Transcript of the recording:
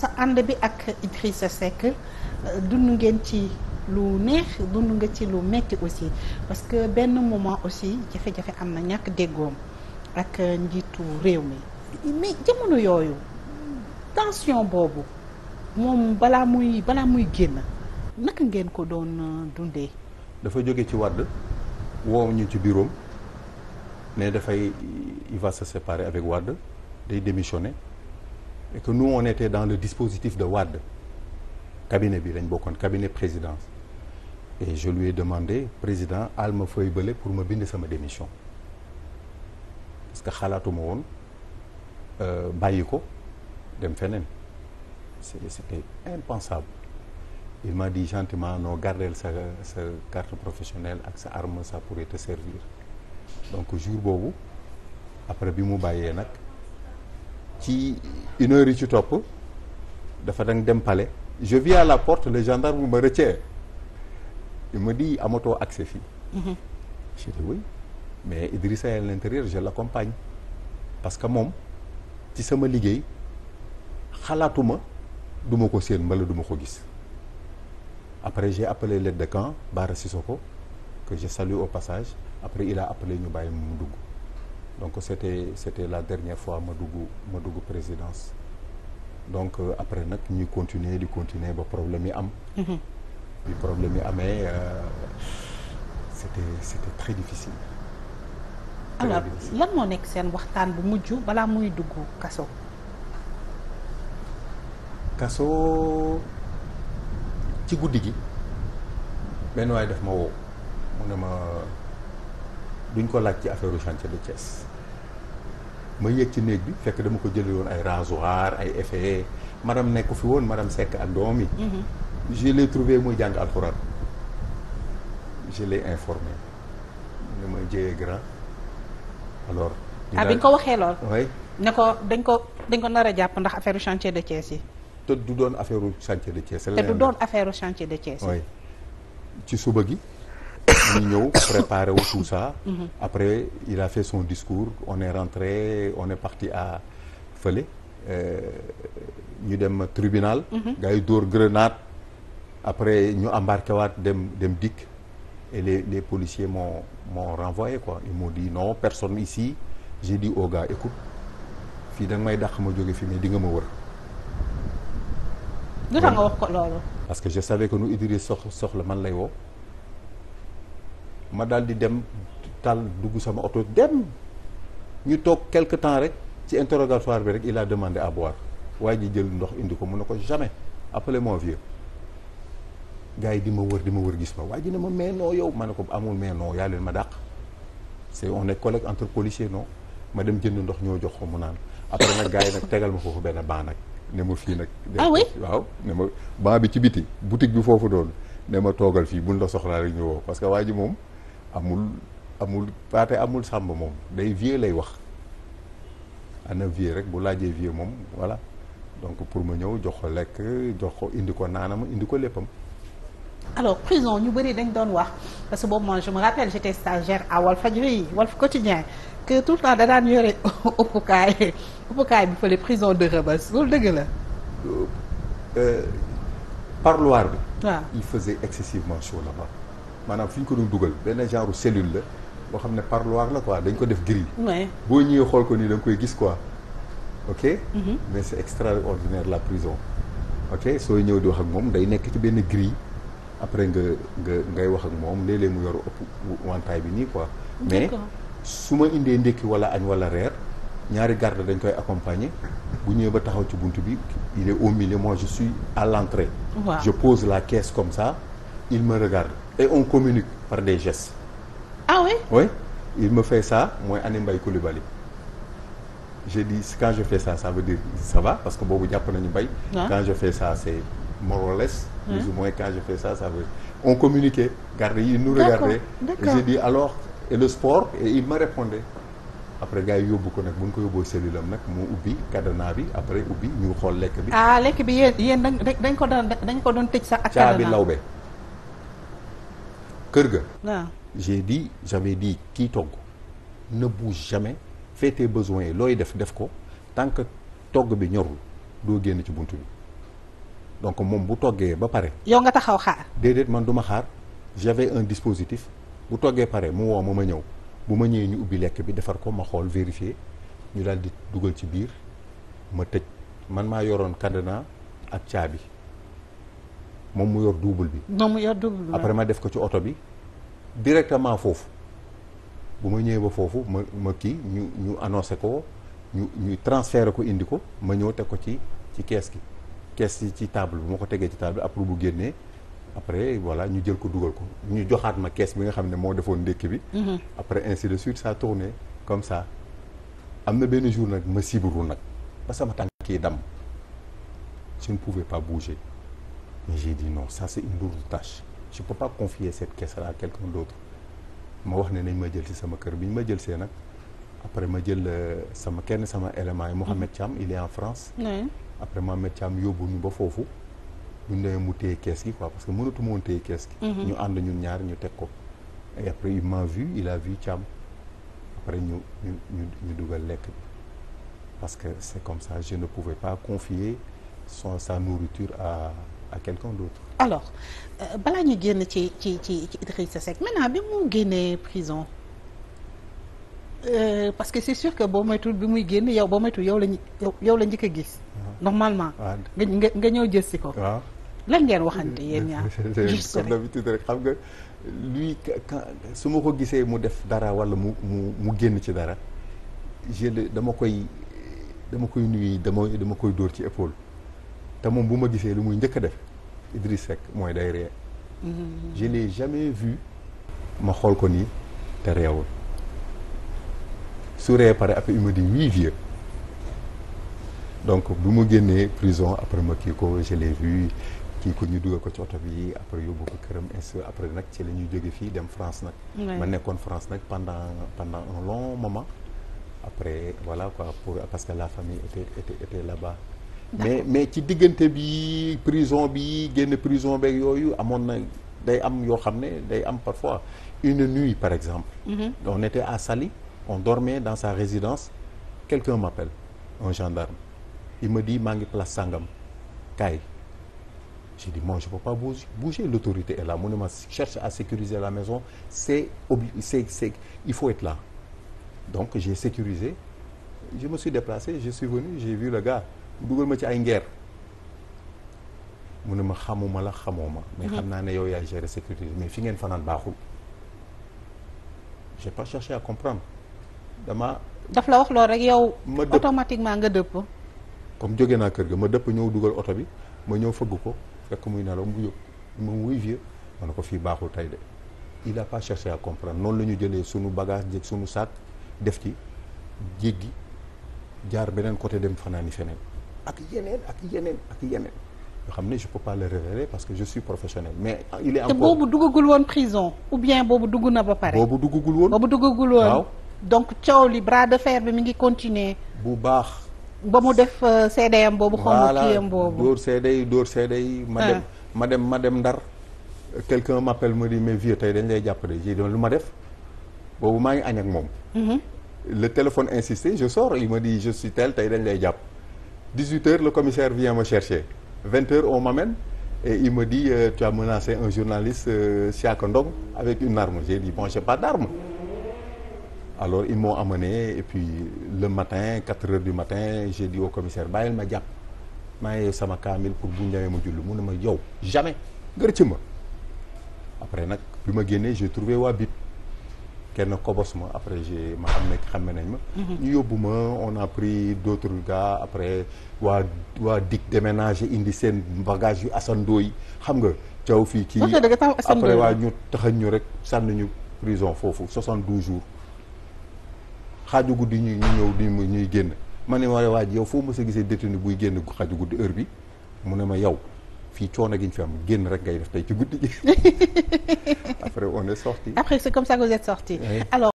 sa ànd bi ak Idrissa Seck euh, dund ngeen ci lu neex dund nga ci lu metti aussi parce que benn moment aussi jafe-jafe am na ñàkk déggoom ak euh, njiitu réew mi jamono yooyu tension boobu moom balaa muy balaa muy génn naka ngeen ko doon euh, dundee. dafa jóge ci wàdd woow ci bureau mais dafay il va se séparer avec Wade day démissionner et que nous on était dans le dispositif de Wade cabinet bi lañ bokkoon cabinet présidence et je lui ai demandé président al ma bële pour ma bind sama démission parce que xalaatuma woon euh, bàyyi ko dem feneen c'était impensable il m'a dit gentiment non gardeel sa sa carte professionnelle ak sa arme ça pourrait te servir donc jour boobu après bi mu bàyyee nag ci une ci topp dafa dang dem pale je vis à la porte le gendarme bu ma retier il me dit amatoo accès fii mhm. j'ai dit oui mais Idrissa à l'intérieur je l'accompagne parce que moom ci sama liggéey xalaatuma duma ko séen mbala duma ko gis après j'ai appelé l'aide de camp Bara Sissoko que je salue au passage après il a appelé ñu bàyyi mu dugg donc c'était c'était la dernière fois ma dugg ma dugg présidence donc euh, après nag ñuy continuer di continuer ba problème yi am mhm. bi problème yi amee euh, c'était c'était très difficile alors lan moo nekk seen waxtaan bu mujj balaa muy dugg kaso kaso ci guddi gi benn waaye daf ma woo mu ne ma duñ ko laaj ci affaire chance de Thiès ma yéeg ci néeg bi fekk dama ko jëlee woon ay rasoir ay effet madame nekk fi woon madame sekk ak doom yi. Mhm. je l'ai muy jàng alxuraan je l'ai informé ni ma jëyee grand alors. ah bi ñu ko waxee lool. oui ne ko dañ ko dañ ko nar a jàpp ndax affaire chantier de Thiès yi. te du doon affaire chantier de Thiès. te du doon affaire chantier de Thiès. oui ci suba gi. ñu ñëw préparé wu tout ça. après il a fait son discours on est rentré on est parti à fële euh, ñu dem tribunal. Mhm. gars yi dóor grenade. après ñu embarqué waat dem dem dikk et les les policiers m'ont m'ont renvoyé quoi ils m'ont dit non personne ici j'ai dit au écoute fii danga may dàq ma jóge fi mais di nga ma wër. que je savais que nu Idriss sox soxla man lay woo. ma daal di dem tal dugg sama oto dem ñu toog quelque temps rek ci interrogatoire bi rek i la demande à boire waaye ji jël ndox indi ko mu ne ko jamais appelez mon vieux gars yi di ma wër di ma wër gis ma waaye ji ne ma mais non yow ma ne ko amul mais non yaa leen ma dàq c'est on est collègue entre noo ma dem jënd ndox ñoo jox ko mu naan après nag gars yi nag tegal ma foofu benn baax nag ne ma fii nag. ah oui waaw ma ban bi ci biti boutique bi foofu doon ne ma toogal fii bu la soxlaa rek parce que waa ji moom. amul amul paate amul sàmb moom day vieux lay wax ana vieux rek bu laajee vieux moom voilà donc pour ma ñëw jox ko lekk jox ko indi ko naanam indi ko léppam alors prison ñu bëri dañ doon wax parce que boobu moi je me rappelle wal stagiaire à Walfadjri Walf Quotidien que tout le temps da daan yore uppukaay uppukaay bi fële prison de Rebeuss loolu dëgg la euh, euh, parloir bi waaw il faisait excessivement chaud là-bas maanaam fi ñu ko doon dugal benn genre cellule la boo xam ne parloir la quoi dañ ko def grille boo ñëwee xool ko nii da koy gis quoi ok mm -hmm. mais c'est extraordinaire la prison ok soo ñëw di wax ak moom day nekk ci benn grille après nga nga ngay wax ak moom léeg mu yor ëpp wantaay bi nii quoi mais su ma indee ndékki wala añ wala reer ñaari garde dañ koy accompagner bu ñëwee ba taxaw ci bunt bi il est au milieu moi je suis à l'entrée wow. je pose la caisse comme ça il me et communique par des gestes. ah oui oui il me fait ça mooy Ané Mbaye Coulibaly j'ai dit quand je fais ça ça veut dire ça parce que boobu jàpp nañu mbay. quand je fais ça c'est more or dire on communiquait garde yi nu regardait j'ai dit alors et le sport il me répondait après gars yi yóbbu ko nag bu ñu ko yóbboo cellule nag mu ubbi cadenas bi après ubbi ñu xool lekk bi. ah lekk bi yéen yéen dañ ko doon dañ ko doon tëj sax. ak cadenas caabi lawbe. kër ga. waaw j'ai dit di dit kii togg ne bouge jamais fais tes yi looy def def ko tant que togg bi ñorul doo génn ci bunt bi donc moom bu toggee ba pare. yow nga taxaw xaar. déedéet man du ma xaar j'avais un dispositif bu toggee pare mu woo ma ma ñëw bu ma ñëwee ñu ubbi lekk bi defar ko ma xool vérifier ñu daal di dugal ci biir ma tëj man maa yoroon cadenas ak caabi. moom mu yor double bi. moom mu yor double bi après ma def ko ci oto bi directement foofu bu ma ñëwee ba foofu ma ma ki ñu ñu annoncé ko ñu ñu transféré ko indi ko ma ñëw teg ko ci ci kees gi kees yi ci table bu ma ko tegee ci table bi après bu génnee après voilà ñu jël ko dugal ko ñu joxaat ma kees bi nga xam ne moo defoon ndékki bi. Mhm. après ainsi de suite ça comme ça am na benn jour nag ma sibiru nag ba sama tànk yi damm je mais j'ai dit non ça c'est une lourde tâche je peux pas confier cette caisse-là à quelqu'un d'autre ma wax nee nañ ma jël si sama kër bi ñu ma jël see nag après ma jël euh, sama kenn sama élément yi Mohamed Thiam il est en France oui. après Mohamed Thiam yóbbu ñu ba foofu ñu ne mu téye kes gi quoi parce que mënatu ma woon téye kees gi mhm. ñu ànd ñun ñaar ñu teg ko et après il m'a vu il a vu Thiam après ñu ñu ñu dugal lekk bi parce que c'est comme ça je ne pouvais pas son sa à à quelqu'un alors euh, balaa ñu génn ci ci ci ci Idrissa Seck maintenant bi mu génnee prison Euh, parce que c'est sûr que boo moytuwul bi muy génn yow boo moytuwul yow la yow la njëkk a gis. Uh-huh. normalement. Ah, nga nga ñëw jël si ko. waaw lan ngeen waxante yéen ñaar. comme d'habitude rek xam nga lui su ma ko gisee mu def dara wala mu mu mu génn ci dara je dama koy dama koy nuyu dama dama koy dóor ci épaule. te moom bu ma gisee lu muy njëkk def Idriss Seck mooy day ree mm-hmm. je jamais vu ma xool ko nii te reewul su ree pare après il me vieux donc bu mu génnee prison après ma kii ko je l'ai vu kii ko ñu dugal ko ci oto bi après yóbbu ko këram ainsi après nag ci la ñuy jóge fii dem France nag ma nekkoon France nag pendant pendant un long moment après voilà quoi pour parce que la famille était était était mais mais ci diggante bi prison bi génn prison beeg yooyu amoon na day am yoo xam ne day am parfois une nuit par exemple mhm. on était à sali on dormait dans sa résidence quelqu'un m'appelle un gendarme il me dit maa ngi place sàngam kaay j'ai dit moi je peux pas bouger l'autorité est là mu ne ma cherche à sécuriser la maison c'est obli c'est il faut être la donc j'ai sécurisé je ma suis déplacé je suis venu j'ai vu le gars dugal ma ci ay ngeer mu ne ma xamuma la xamoo ma mais mhm. xam naa ne yow yaay gérer sécurité mais fi ngeen fanaan baaxul j'ai pas cherché à comprendre dama daf la wax loolu rek yow automatiquement nga dëpp comme jóge naa kër ga ma dëpp ñëw dugal oto bi ma ñëw fëgg ko fekk muy nelaw mu yóg mu muy ko fii baaxul tey de il a pas cherché à comprendre noonu la ñu jëlee sunu bagage jëg sunu sac def ci jéggi jaar beneen côté dem fanaani feneen ak yeneen ak yeneen yoo xam ne je peux pas le parce que je suis professionnel mais il est encore te boobu duggagul woon prison ou bien boobu dugg na ba pare boobu duggagul woon boobu duggagul woon donc coow li bras de fer bi mi ngi continuer bu baax ba mu def seede euh, am boobu xaw ma kii am boobu dóor seede yi dóor seede yi ma dem ah. ma dem ma dem ndar quelqu'un ma di dañ lay jàpp ji lu ma def boobu maa ngi añ ak moom mhm. le téléphone insisté je sors il me dit je suis tel tey dañ lay jàpp 18 heures le commissaire vient me chercher 20 heures on m'amène et il me dit euh, tu as menacé un journaliste euh, Siaka Ndong avec une arme j'ai dit bon j'ai pas alors ils m'ont amené et puis le matin 4 heures du matin j'ai dit au commissaire bàyyil ma jàpp maa ngi sama kaamil pour bu ñëwee ma julli mu ne ma yow jamais ngër ci ma après nag bi ma génnee j'ai trouvé waa BIP kenn kobos ma après ma xam ne xamme nañ ma mhm. ñu yóbbu ma on a pris d'autres gars après waa waa dig déménager indi seen bagage yu asandoo yi xam nga caw fii kii après waa ñu taxañ ñu rek sànni ñu prison foofu 72 jours xaaju guddi ñu ñu ñëw di ñuy génn ma ne ma waa ji yow foo mës a gisee détenu buy génn xaaju guddi heure bi mu ne ma yow fii coono gi ñu fi am génn rek ngay def tey ci guddi gi après on est sorti. après c'est comme ça que vous êtes sorti. Oui. alors.